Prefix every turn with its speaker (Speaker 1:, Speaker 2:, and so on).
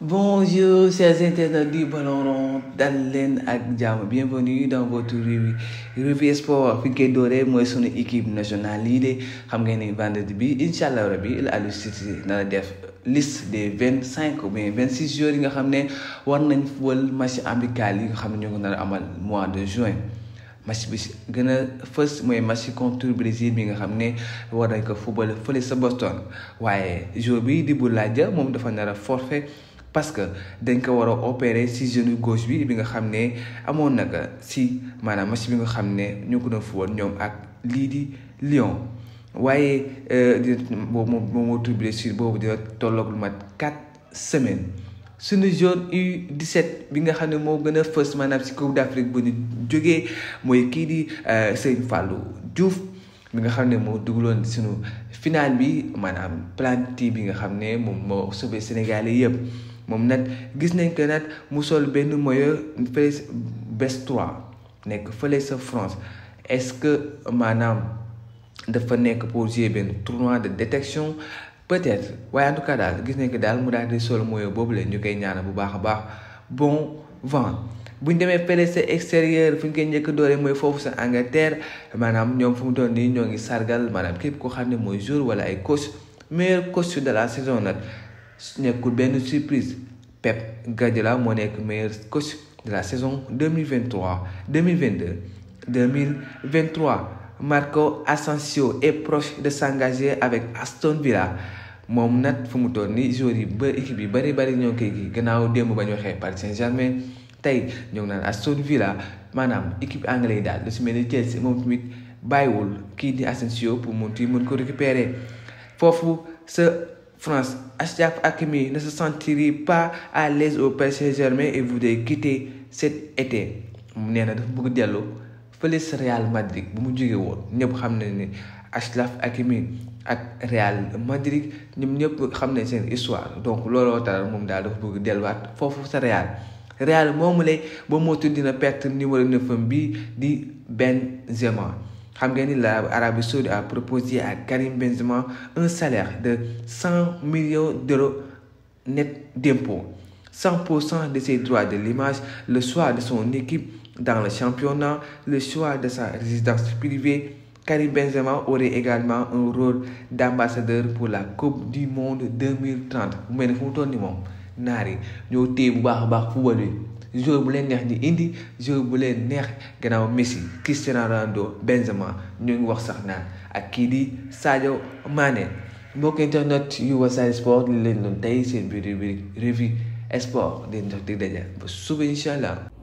Speaker 1: Bonjour chers internautes du ballon rond dal leen ak jàmm bienvenue dans votre revue revue sport fi koy dooree mooy sunu équipe nationale lii de xam nga ni vendredi bi incha allah rabi Aliou Cissé na la def liste des vingt cinq ou bien vingt six joueurs yi nga xam ne war nañ fubal match amical yi nga xam ne ñoo ko nar amal mois de juin. match bi gën a fës mooy match contre Brésil bi nga xam ne war nañ ko football fële sa Boston waaye jour bi di Boulaye Dia moom dafa nar a parce que dañ ko war a opérer si genou gauche bi bi nga xam ne amoon na ko si maanaam match bi nga xam ne ñoo ko doon fowoon ñoom ak lii di lion waaye euh, dina boobu moom moo tur blessure boobu dina tolloog lu mat quatre semaines suñu zone U17 bi nga xam ne moo gën a fës maanaam si Coupe d'Afrique bu ñu jógee mooy kii di euh, Sëñ Fallou Diouf bi nga xam ne moo dugaloon suñu final bi maanaam planti bi nga xam ne moom moo sauvé Sénégalais yëpp moom nag gis nañ ko nag mu sol benn maillot fële best 3 nekk fële sa France est-ce que maanaam dafa nekk pour jouer benn tournoi de détection peut-être waaye en tout cas daal gis nañ ko daal mu daal di sol moyo boobu la ñu koy ñaanal bu baax a baax bon vent. bu ñu demee fële sa extérieur fu ñu koy njëkk dooree mooy foofu sa Angleterre maanaam ñoom fu mu doon nii ñoo ngi sargal maanaam képp ko xam ne mooy jour wala ay coach meilleur coach de la saison nag su nekkul benn surprise Pep Guardiola moo nekk meilleur coach de la saison 2023 2022 2023 Marco Asensio est proche de s'engager avec Aston Villa moom nat fu mu toll joueurs yi ba équipe yi bari bari ñoo koy gi gannaaw démb ba ñu waxee Paris Saint-Germain tey ñoo ngi naan Aston Villa maanaam équipe anglais yi daal lu si mel ni Chelsea moom tamit bàyyiwul kii di Asensio pour monter ti mën ko récupérer foofu sa France, Ashraf Akimi ne se sentirait pas à l'aise au Paris Saint-Germain et voudrait quitter cet été. mu nee na dafa bëgg Real Madrid bu mu jógee woon ñëpp Achraf Hakimi ak Real Madrid ñoom ñëpp xam nañ seen histoire donc looloo taral moom daal dafa bëgg delluwaat foofu sa Real. Real moomu lay ba moo tudd dina perte numéro 9 bi di Benzema xam a proposé à Karim Benzema un salaire de 100 millions d'euros net d'impôts 100% de ses droits de l'image, le choix de son équipe dans le championnat, le choix de sa résidence privée. Karim Benzema aurait également un rôle d'ambassadeur pour la Coupe du Monde 2030 joueur bu leen neex ñu indi joueur bu leen neex gannaaw Messi Cristiano Ronaldo Benzema ñu wax sax naa ak kii di Sadio Mané mbokk internet yu Wassare Sport li leen doon tey seen biir biir revue sport di ndox di daje ba suba incha allah.